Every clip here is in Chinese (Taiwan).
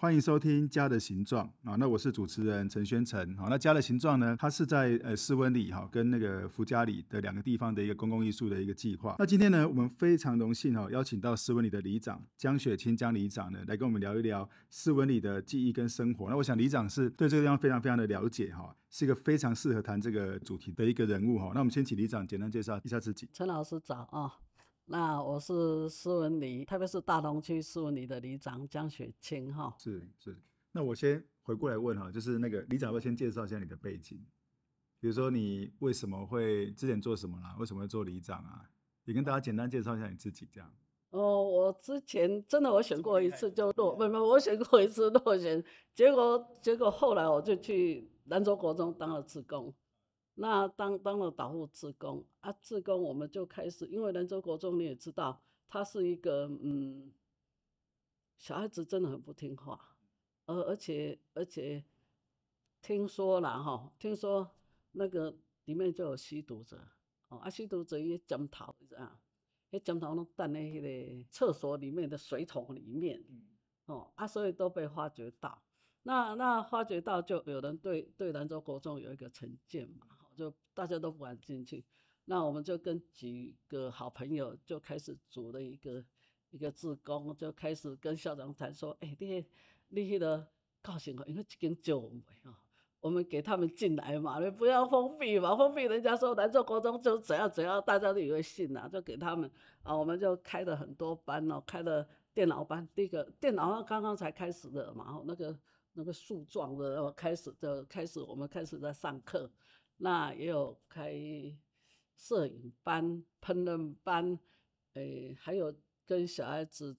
歡迎收聽《家的形狀》啊，那我是主持人陳宣誠。那《家的形狀》呢，它是在呃斯文里哈跟那個福家里的兩個地方的一個公共藝術的一個計劃。那今天呢，我們非常榮幸邀請到斯文里的里長江雪卿江里長呢來跟我們聊一聊斯文里的記憶跟生活。那我想里長是對這個地方非常非常的了解哈，是一個非常適合談這個主題的一個人物哈。那我們先請里長簡單介紹一下自己。陳老師早啊。哦那我是斯文里特別是大同區斯文里的里長江雪卿哈。是是，那我先回過來問哈，就是那個里長，我先介紹一下你的背景，比如說你為什麼會之前做什麼啦、啊，為什麼會做里長啊？也跟大家簡單介紹一下你自己這樣。哦，我之前真的我選過一次就落，沒有我選過一次落選，結果結果後來我就去蘭州國中當了志工。那當當了導護志工啊，志工我們就開始，因為蘭州國中你也知道，他是一個嗯，小孩子真的很不聽話，而、呃、而且而且聽說了哈，聽說那個裡面就有吸毒者哦、喔，啊吸毒者伊針頭啊，也針頭攏等在那，那個廁所裡面的水桶裡面哦、喔，啊所以都被發掘到，那那發掘到就有人對對蘭州國中有一個成見嘛。就大家都不敢進去，那我們就跟幾個好朋友就開始組了一個一個志工，就開始跟校長談說：“哎、欸，你你去、那個告訴我，因為這間就我們、哦、我們給他們進來嘛，你不要封閉嘛，封閉人家說來做國中就怎樣怎樣，大家都以為信啊，就給他們啊、哦，我們就開了很多班哦，開了電腦班，這個電腦上剛剛才開始的嘛，哦、那個那個樹狀的、哦、開始就開始，我們開始在上課。”那也有開攝影班、烹飪班，誒、欸，還有跟小孩子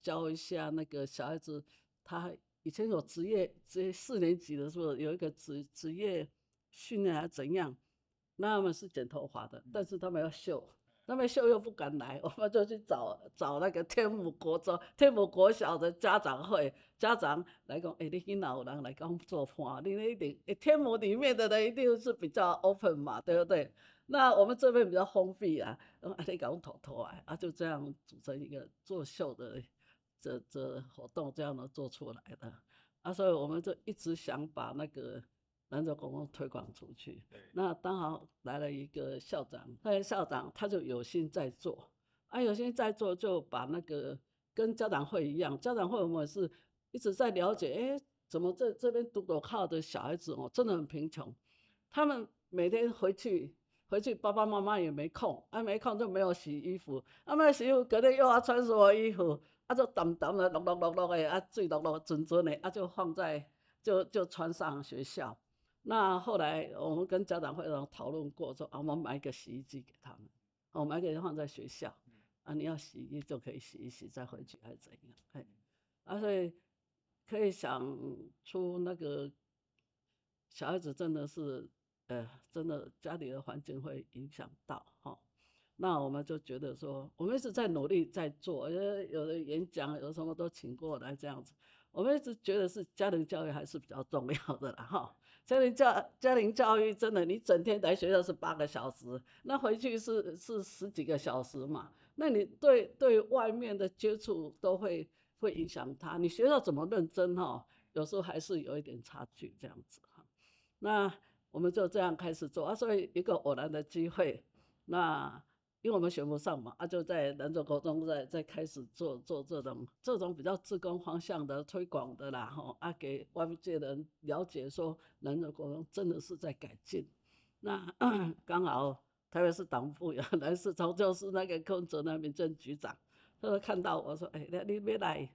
教一下那個小孩子，他以前有職業，職業四年級的時候有一個職職業訓練還怎樣？那他們是剪頭髮的，但是他們要秀。那麼秀又不敢來，我們就去找找那個天母國中、天母國小的家長會家長來講，哎、欸，你哪有人來給我們做飯，你一定，欸、天母裡面的人一定是比較 open 嘛，對不對？那我們這邊比較封閉啊，啊我跟你講，偷偷來，啊，就這樣組成一個作秀的這這活動，這樣呢做出來的。啊，所以我們就一直想把那個。拿那就公共推廣出去，那剛好來了一個校長。哎、那個，校長他就有心在做，啊，有心在做，就把那個跟家長會一樣。家長會我們是一直在了解，哎、欸，怎麼這這邊讀國考的小孩子哦、喔，真的很貧窮。他們每天回去回去，爸爸媽媽也沒空，啊，沒空就沒有洗衣服，啊，沒洗衣服隔天又要穿什麼衣服，啊，就淡淡的，綠綠綠綠的，啊，最綠綠，純純的，啊，就放在就就穿上學校。那後來我們跟家長會上討論過說啊，我們買一個洗衣機給他們，我、哦、買給他放在學校，啊，你要洗衣就可以洗一洗再回去還是怎樣？哎，啊、所以可以想出那個小孩子真的是呃，真的家裡的環境會影響到哈、哦。那我們就覺得說，我們一直在努力在做，因為有的演講有什麼都請過來這樣子，我們一直覺得是家庭教育還是比較重要的啦哈。哦家庭教育真的，你整天在學校是八個小時，那回去是是十幾個小時嘛？那你對對外面的接觸都會會影響他。你學校怎麼認真哦？有時候還是有一點差距這樣子哈。那我們就這樣開始做啊，所以一個偶然的機會，那。因為我們選不上嘛，啊，就在南州國中在在開始做做這種這種比較志工方向的推廣的啦，吼、哦，啊，給外面界人了解說南州國中真的是在改進。那剛好台北市黨部有，人是從就是那個柯文哲那民政局長，他說看到我說，哎，來你沒來，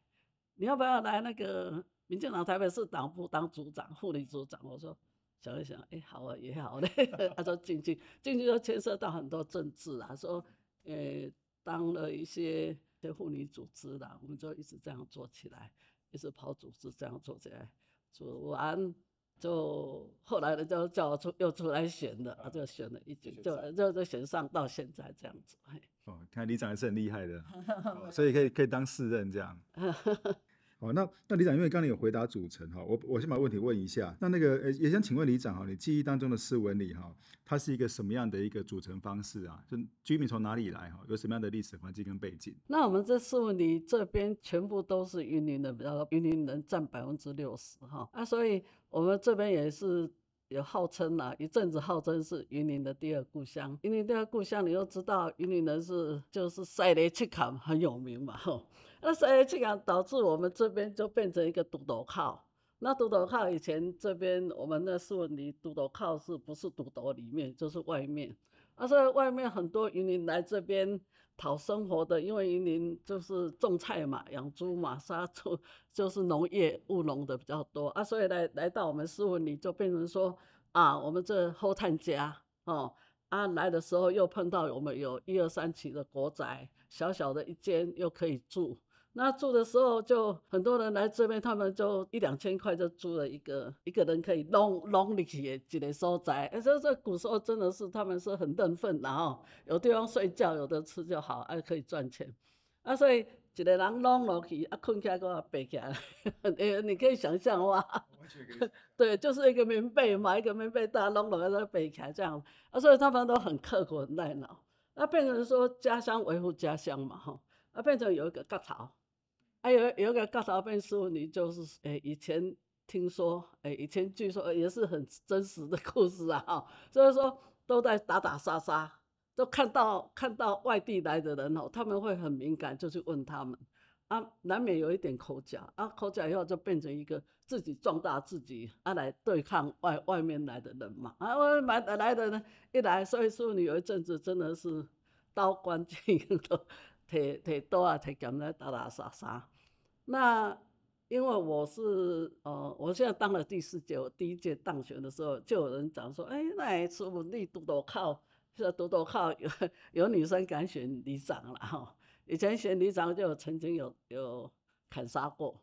你要不要來那個民進黨台北市黨部當組長、副組長？我說。想一想，哎、欸，好啊，也好的。他說進去，進去又牽涉到很多政治啦。說，呃、欸，當了一些婦女組織啦，我們就一直這樣做起來，一直跑組織這樣做起來。做完，就後來的就叫我出又出來選的，他、啊啊、就選了一屆就就就選上到現在這樣子。欸、哦，看里長也是很厲害的， 所以可以可以當四任這樣。 好，那那里長，因為剛才有回答組成哈，我我先把問題問一下。那那個呃、欸，也想請問里長哈，你記憶當中的斯文里哈，它是一個什麼樣的一個組成方式啊？就居民從哪裡來哈？有什麼樣的歷史環境跟背景？那我們這斯文里這邊全部都是雲林的，呃，雲林人占百分之六十哈。啊，所以我們這邊也是有號稱啦、啊。一陣子號稱是雲林的第二故鄉。雲林第二故鄉，你又知道雲林人是就是賽雷七卡很有名嘛？吼、哦。那是哎，這樣、啊、導致我們這邊就變成一個豬屠口。那豬屠口以前這邊我們的斯文里豬屠口是不是豬屠裡面就是外面？啊，所以外面很多移民來這邊討生活的，因為移民就是種菜嘛、養豬嘛、殺豬，就是農業務農的比較多啊，所以來來到我們斯文里就變成說啊，我們這後探家哦啊，來的時候又碰到我們有，有一二三期的國宅，小小的一間又可以住。那住的時候就很多人來這邊，他們就一兩千塊就租了一個一個人可以弄弄進去的一個、欸、所在。哎，這這古時候真的是他們是很認分、哦，然後有地方睡覺，有的吃就好，還、啊、可以賺錢。啊，所以一個人弄落去，啊，困起來給我背起來。你、 欸、你可以想象哇， 對，就是一個棉被嘛，一個棉被大家弄落去再背起來這樣。啊，所以他們都很刻苦很耐勞。那、啊、變成說家鄉維護家鄉嘛，哈，啊，變成有一個格潮。哎、啊，有有一個高紹番薯你就是哎、欸、以前聽說，哎、欸、以前據說也是很真實的故事啊，哈、哦，所以說都在打打殺殺，都看到看到外地來的人，哦、他們會很敏感，就去問他們，啊難免有一點口角，啊口角以後就變成一個自己壯大自己，啊來對抗外外面來的人嘛，啊外外來的呢一來，所以說你有一陣子真的是刀光劍影的。摕摕刀啊，摕劍來打打殺殺。那因為我是哦、嗯，我現在當了第四屆，我第一屆當選的時候，就有人講說：“哎、欸，那還說不定多多靠，是多多靠有有女生敢選里長了吼，以前選里長就曾經有有，有砍殺過，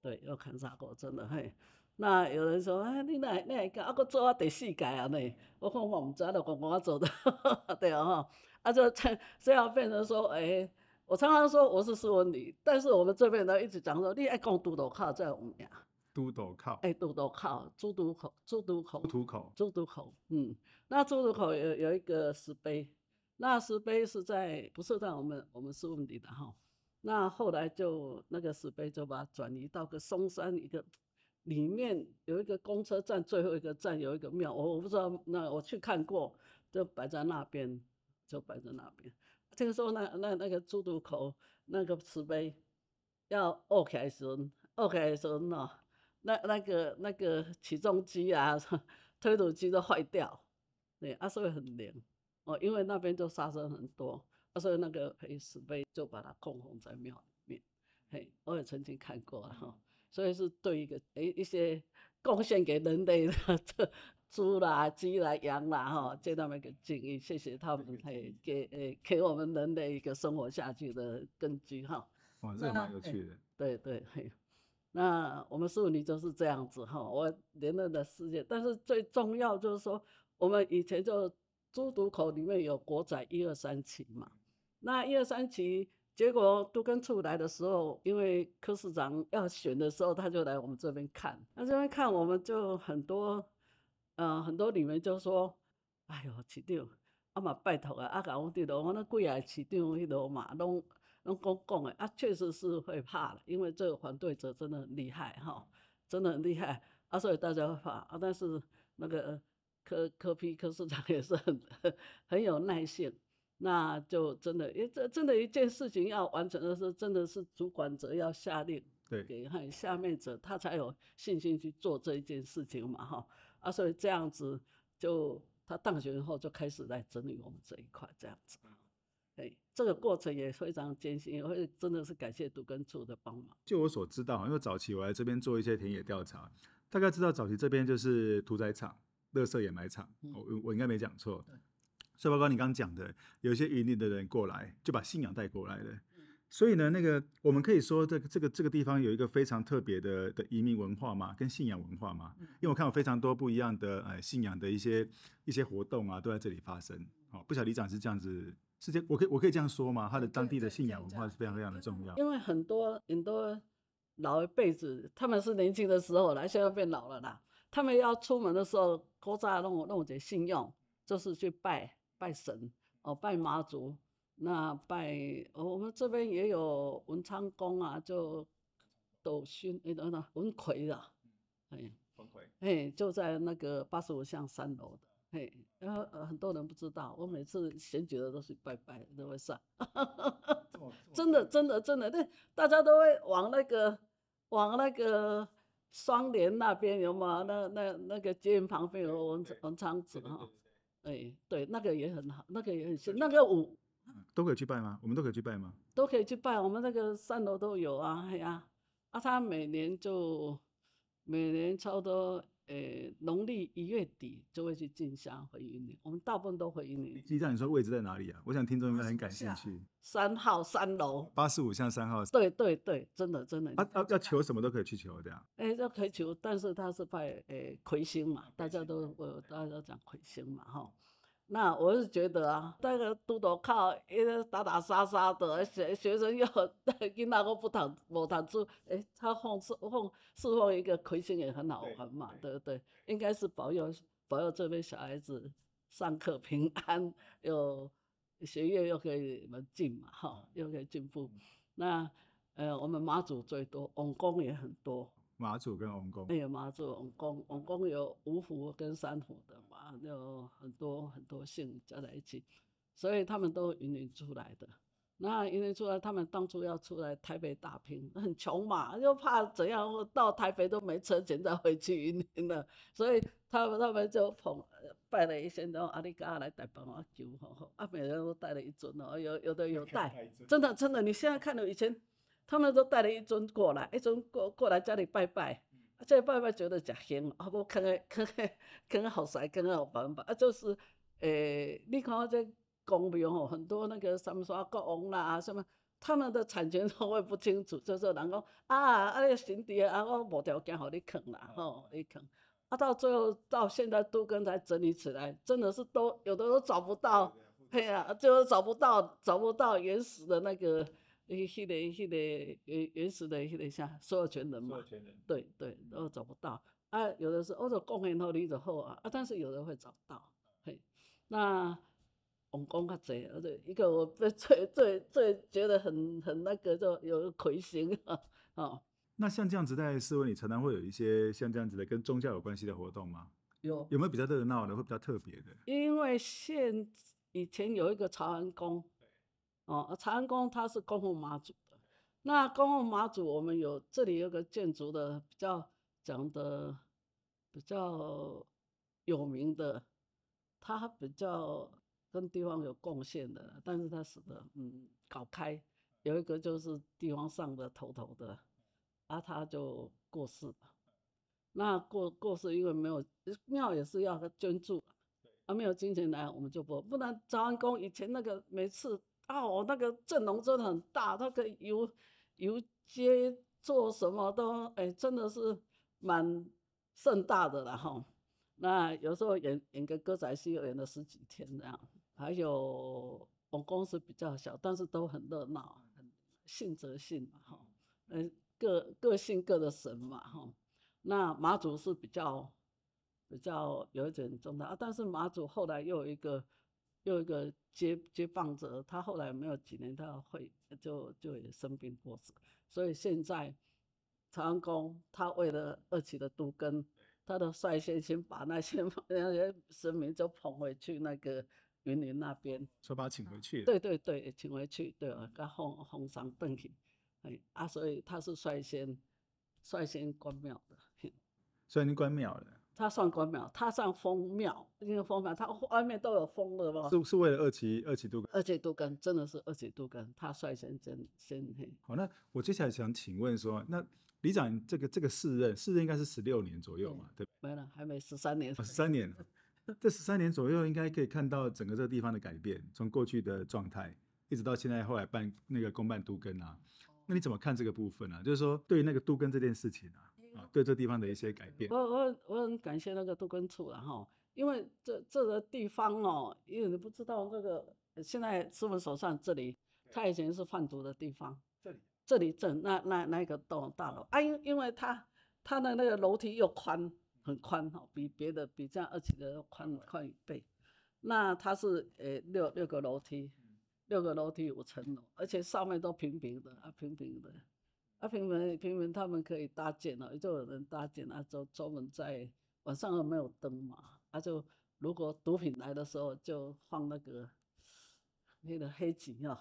對，有砍殺過，真的嘿。那有人說：“哎、欸，你，會你會還那還那還敢？阿哥做啊第四屆啊呢？”我看我唔知了，我我做的呵呵對、哦嗯、啊啊，就成最後變成說：“哎、欸。”我常常說我是斯文里，但是我們這邊呢一直講說，你愛講都斗靠在我們家。都斗靠。哎，都斗靠，豬屠口，豬屠口，渡口，豬屠口。嗯，那豬屠口有有一個石碑，那石碑是在不是在我們我們斯文里的哈？那後來就那個石碑就把它轉移到個松山一個裡面有一個公車站，最後一個站有一個廟，我我不知道，那我去看過，就擺在那邊，就擺在那邊。聽說那那那個豬屠口那個石碑要二塊錢，二塊錢喏，那那個那個起重機啊、推土機都壞掉，對，啊，所以很靈哦，因為那邊就殺生很多、啊，所以那個石碑就把它供奉在廟裡面，嘿，我也曾經看過哈、啊，所以是對一個誒一些貢獻給人類的。這豬啦、雞啦、羊啦，啦，哈，這他們一個經營，謝謝他們誒，給嘿給我們人類一個生活下去的根據，哈。哇，這蠻、個、有趣的。對、欸、對，對那我們斯文里就是這樣子，哈，我連任了四屆，但是最重要就是說，我們以前就豬屠口裡面有國宅一二三期嘛，那一二三期，結果都更出來的時候，因為柯市長要選的時候，他就來我們這邊看，那這邊看我們就很多。嗯、呃，很多裡面就說，哎呦，市長，啊嘛拜託啊，啊我，甲我滴羅，我那幾下市長迄羅嘛，攏攏講講的，啊，確實是會怕的，因為這個反對者真的很厲害哈，真的很厲害，啊，所以大家會怕啊，但是那個柯柯 P 柯市長也是很很有耐性，那就真的，因為這真的一件事情要完成的時候，真的是主管者要下令，給看下面者，他才有信心去做這一件事情嘛哈啊，所以這樣子就他當選後就開始來整理我們這一塊，這樣子。這個過程也非常艱辛，也會真的是感謝讀根柱的幫忙。就我所知道，因為早期我來這邊做一些田野調查，大概知道早期這邊就是屠宰場、垃圾掩埋場，我、嗯、我應該沒講錯。對所以，包括你剛剛講的，有一些雲林的人過來就把信仰帶過來了。所以呢，那個我們可以說、這個，這這個這個地方有一個非常特別的的移民文化嘛，跟信仰文化嘛。因為我看到非常多不一樣的呃、哎、信仰的一些一些活動啊，都在這裡發生。哦，不曉得里長是這樣子，是這我可以我可以這樣說嗎？他的當地的信仰文化是非常非常的重要。因為很多很多老一輩子，他們是年輕的時候啦，現在變老了啦，他們要出門的時候，哥扎弄弄點信仰，就是去拜拜神哦，拜媽祖。那拜、哦，我們這邊也有文昌宮啊，就斗勳哎等文魁的，哎文魁回，哎就在那個八十五巷三樓的，哎然後很多人不知道，我每次選舉的都是拜拜都會上，真的真的真的，對，大家都會往那個往那個雙連那邊有嗎、嗯？那那那個捷運旁邊有文昌文昌祠，哎對，對，對，對，對，那個也很好，那個也很對對對那個五。都可以去拜嗎？我們都可以去拜嗎？都可以去拜，我們那個三樓都有啊，哎呀、啊，啊，他每年就每年差不多，呃、欸，農曆一月底就會去進香回雲林。我們大部分都回雲林。西藏你，你，你說位置在哪裡啊？我想聽眾應該很感興趣。三號三樓，八十五巷三號。對對對，真的真的。他、啊啊、要求什麼都可以去求的啊。誒、欸，要可以求，但是他是拜呃、欸、魁星嘛，大家都我大家都講魁星嘛，哈星。那我是覺得啊，那個豬屠口，一個打打殺殺的，學學生要帶，跟那個不談不談處，哎、欸，他放侍奉侍奉一個魁星也很好玩嘛，對，對，對不對？應該是保佑保佑這邊小孩子上課平安，又學業又可以能進嘛，哈、喔，嗯、又可以進步。嗯、那呃，我們媽祖最多，王公也很多，媽祖跟王公。有媽、欸、祖、王公，王公有五湖跟三湖的有很多很多姓加在一起，所以他們都雲林出來的。那雲林出來，他們當初要出來台北打拼，很窮嘛，又怕怎樣到台北都沒車錢再回去雲林了，所以他們他們就捧拜了一些然後阿里嘎來帶幫忙求，阿、啊、每人都帶了一尊哦，有有的有帶，真的真的你現在看到以前，他們都帶了一尊過來，一尊過過來家裡拜拜。這個爸爸覺得食香，啊，無看個坑看，坑爸爸，啊，就是，誒、欸，你看我即公廟吼，很多那個三山國王啦、啊、什麼，他們的產權我也不清楚，就是，人說人講啊，啊你姓第個，啊我無條件互你坑啦，吼，你坑，啊到最後到現在都跟在整理起來，真的是都有的都找不到，哎呀、啊啊，就是找不到，找不到原始的那個。那個、那個、那個原原始的、那個啥所有權人嘛，人對對，都找不到啊，有的是歐洲貢獻後領走後啊，啊，但是有人會找到。嘿，那王公較濟，而且一個我最最最覺得很很那個，就有個魁星啊。哦。那像這樣子在斯文里，常常會有一些像這樣子的跟宗教有關係的活動嗎？有。有沒有比較熱鬧的，會比較特別的？因為現以前有一個朝安宮。哦，長安宮它是供奉媽祖的。那供奉媽祖，我們有這裡有個建築的比較講的比較有名的，他比較跟地方有貢獻的，但是他死的，嗯，搞開有一個就是地方上的頭頭的，啊，他就過世了。那過過世因為沒有廟也是要捐助，啊，沒有金錢來，我們就不，不然長安宮以前那個每次。啊，我、哦、那個陣容真的很大，那個遊遊街做什麼都，哎、欸，真的是蠻盛大的了哈。那有時候演演個歌仔戲，又演了十幾天這樣。還有我公司比較小，但是都很熱鬧，很信則信哈，嗯、欸，各各信各的神嘛哈。那媽祖是比較比較有一點重大，啊、但是媽祖後來又有一個。又一個接接棒者，他後來沒有幾年，他會就就也生病過世。所以現在長安宮他為了二期的都更，他都率先先把那些那些神明就捧回去那個雲林那邊，說把他請回去。對對對，請回去，對、啊，給奉封上上去。哎，啊，所以他是率先率先關廟的，率先關廟的。他上官廟，他上封廟，因為封廟它外面都有封了吧，是是為了二期、二期都更，二期都更真的是二期都更，他率先真先好。那我接下來想請問說，那里長這個這個四任，四任應該是十六年左右嘛？對。對吧沒了，還沒十三年，、哦、年。十三年，這十三年左右應該可以看到整個這個地方的改變，從過去的狀態一直到現在，後來辦那個公辦都更啊。那你怎麼看這個部分呢、啊？就是說，對於那個都更這件事情啊。對這地方的一些改變，我我我很感謝那個都更處了、啊、哈，因為這這個地方哦，因為你不知道那個現在師傅們手上這裡，它以前是販毒的地方，這裡這裡那那那一個棟大樓啊，因因為它它的那個樓梯又寬很寬哈、哦，比別的比這樣二期的寬寬一倍，那它是呃、欸、六六個樓梯，六個樓梯五層樓，而且上面都平平的啊平平的。他平民平民他們可以搭建了，就有人搭建了，就專門在晚上沒有燈嘛，啊，就如果毒品來的時候就放那個那個黑警啊，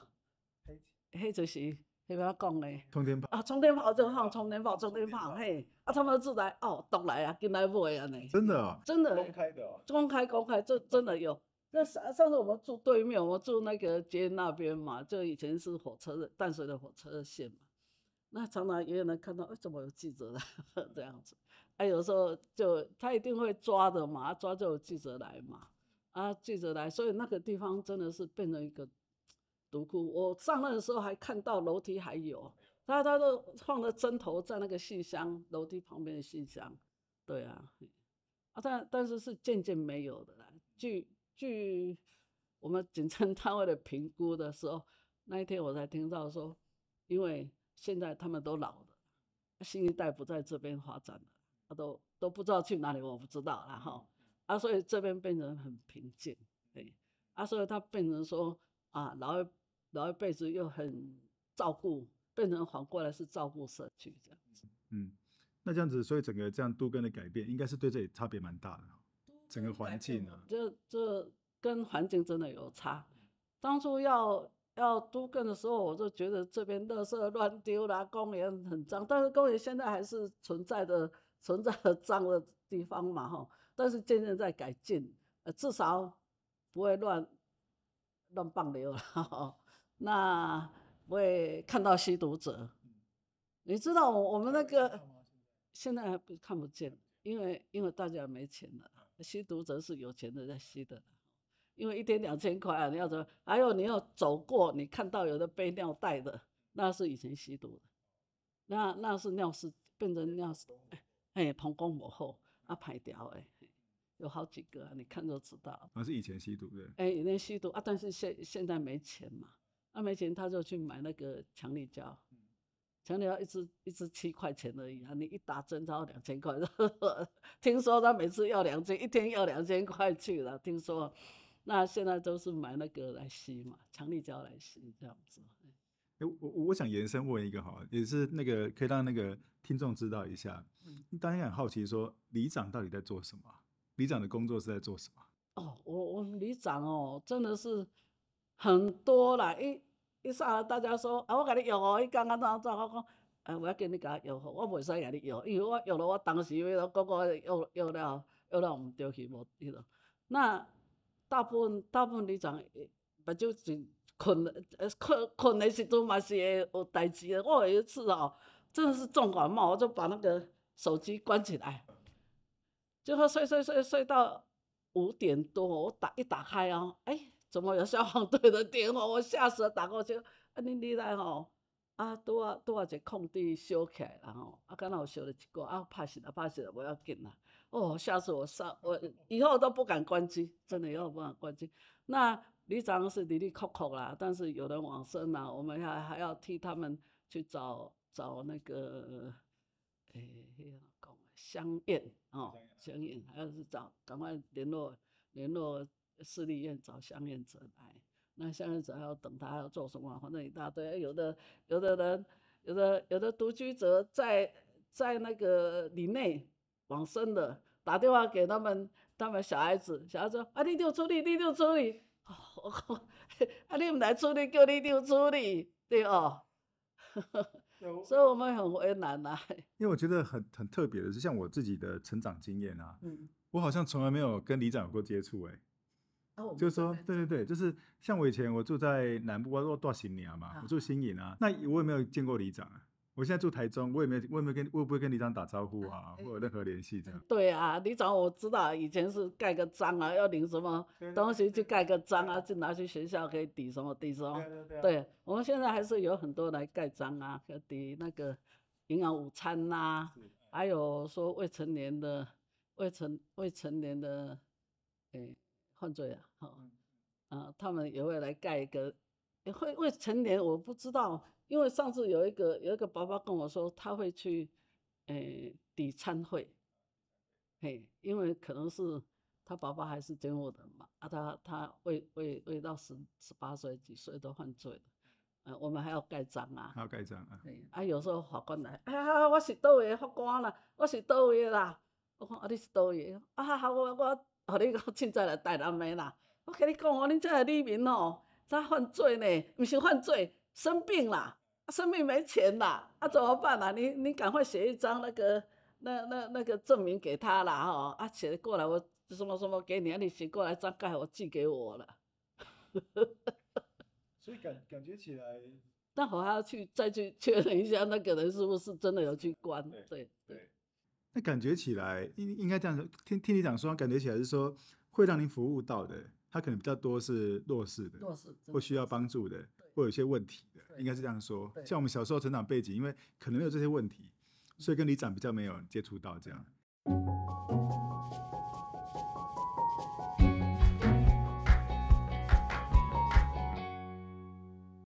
黑警黑就是那個講嘞，沖天炮啊，沖天炮就放沖天炮，沖天炮嘿，啊他們就來哦都來啊，進來不啊，你真的啊，真的公開的，公開公開這真的有。那上上次我們住對面，我們住那個街那邊嘛，就以前是火車的淡水的火車線嘛。那常常也有人看到，哎，怎麼有記者來，這樣子？哎，有時候就他一定會抓的嘛，抓就有記者來嘛，啊，記者來，所以那個地方真的是變成一個毒窟。我上任的時候還看到樓梯還有，他他都放了針頭在那個信箱，樓梯旁邊的信箱。對啊，啊，但但是是漸漸沒有的啦。據據我們警偵單位的評估的時候，那一天我才聽到說，因為。現在他們都老了，新一代不在這邊發展了，他、啊、都都不知道去哪裡，我不知道。然後，啊，所以這邊變成很平靜，啊，所以他變成說，啊，老一老一輩子又很照顧，變成反過來是照顧社區這樣子。嗯，那這樣子，所以整個這樣都更的改變，應該是對這裡差別蠻大的，整個環境啊。就就跟環境真的有差，當初要。要都更的時候，我就覺得這邊垃圾亂丟啦，公園很髒。但是公園現在還是存在的，存在的髒的地方嘛，哈。但是漸漸在改進，呃，至少不會亂亂放流了。那我也看到吸毒者，嗯、你知道我我們那個現在還不看不見，因為因為大家沒錢了，吸毒者是有錢的在吸的。因為一天兩千塊啊，你要怎麼？還有你要走過，你看到有的背尿袋的，那是以前吸毒的，那那是尿失，變成尿失，哎、欸，膀、欸、胱母後，啊，排掉，哎，有好幾個啊，你看就知道。那、啊、是以前吸毒的。哎、欸，以前吸毒啊，但是現現在沒錢嘛，啊沒錢他就去買那個強力膠，嗯、強力膠一支一支七塊錢而已啊，你一打針要兩千塊， 聽說他每次要兩千，一天要兩千塊去了，聽說。那現在都是買那個來吸嘛，強力膠來吸這樣子。哎，我我想延伸問一個哈，也是那個可以讓那個聽眾知道一下，大家很好奇說，里長到底在做什麼？里長的工作是在做什麼？哦，我我里長哦，真的是很多啦。一一上來大家說，啊，我給你搖哦。一剛剛那那我講，哎，我要給你給搖哦，我袂想給你搖，因為我搖了我當時要到我個搖搖了搖了我對起無我落，那。大部分大部分里長，不就是睏，呃，睏睏的時候嘛是會有代志的。我有一次哦，真的是重感冒，我就把那個手機關起來，最後睡睡睡睡到五點多，我打一打開哦，哎，怎麼有消防隊的電話？我嚇死了，打過去，啊，你你來哦。啊，拄啊，拄啊，一個空地燒起來，然後啊，剛好燒了一個啊，怕死啊，怕死了，不要緊啦。哦，嚇死我上，我以後都不敢關機，真的，以後不敢關機。那里長是離離酷酷啦，但是有人往生啦、啊，我們還還要替他們去找找那個誒，那個講香艳哦，香豔、喔，還要去找趕快聯絡聯絡私立院找相豔者來。那現在只要要等他，要做什麼？反正一大堆。有的有的人，有的有的獨居者在在那個里內往生的，打電話給他們，他們小孩子，小孩子說，啊，你就要處理，你就要處理、哦哦哦，啊，你們來處理，叫你就要處理，對哦。有 所以我們很為難吶。因為我覺得很很特別的，是，像我自己的成長經驗啊，嗯、我好像從來沒有跟里長有過接觸哎。Oh, 就是說對對對，對對對，就是像我以前我住在南部，我住新營嘛，好我住新營啊，那我有沒有見過里長啊？我現在住台中，我有沒有，我有沒有跟，我不會跟里長打招呼啊，欸、或有任何聯繫這樣。對啊，里長我知道，以前是蓋個章啊，要領什麼東西就蓋個章啊，就拿去學校可以抵什麼抵什麼。對對，對、啊、對，我們現在還是有很多來蓋章啊，要抵那個營養午餐吶，啊，還有說未成年的未成未成年的，哎、欸。犯罪啊，好，啊，他們也會來蓋一個，也、欸、會未成年，我不知道，因為上次有一個有一個爸爸跟我說，他會去，呃、欸，抵餐會，嘿，因為可能是他爸爸還是監護人嘛，啊他，他他未未未到十十八歲幾歲都犯罪了，啊、呃，我們還要蓋章啊，還要蓋章啊，啊，有時候法官來，哎、啊、呀，我是叨位法官啦，我是叨位啦，我說啊你是叨位，啊，好我、啊、我。我哦，你講在來帶南的啦，我跟你講，我恁這的里民哦、喔，咋犯罪呢？不是犯罪，生病啦，啊生病沒錢啦，啊怎麼辦啦、啊？你你趕快寫一張那個那那那個證明給他啦、喔，吼啊寫過來，我什麼什麼給你，你寫過來加蓋，我寄給我啦。 所以感感覺起來，那我還要去再去確認一下，那個人是不是真的有去關？對對。對那感覺起來，應應該這樣說，聽聽里長說，感覺起來是說會讓您服務到的，他可能比較多是弱勢的，弱勢的或需要幫助的，對或有些問題的，應該是這樣說。像我們小時候成長背景，因為可能沒有這些問題，所以跟里長比較沒有接觸到這樣。